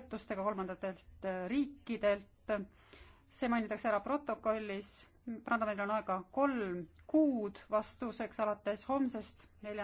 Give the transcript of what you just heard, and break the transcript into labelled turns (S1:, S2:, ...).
S1: toetustega kolmandatelt äh, riikidelt. see mainitakse ära protokollis. Brandamäel on aega kolm kuud vastuseks alates homsest,
S2: nelja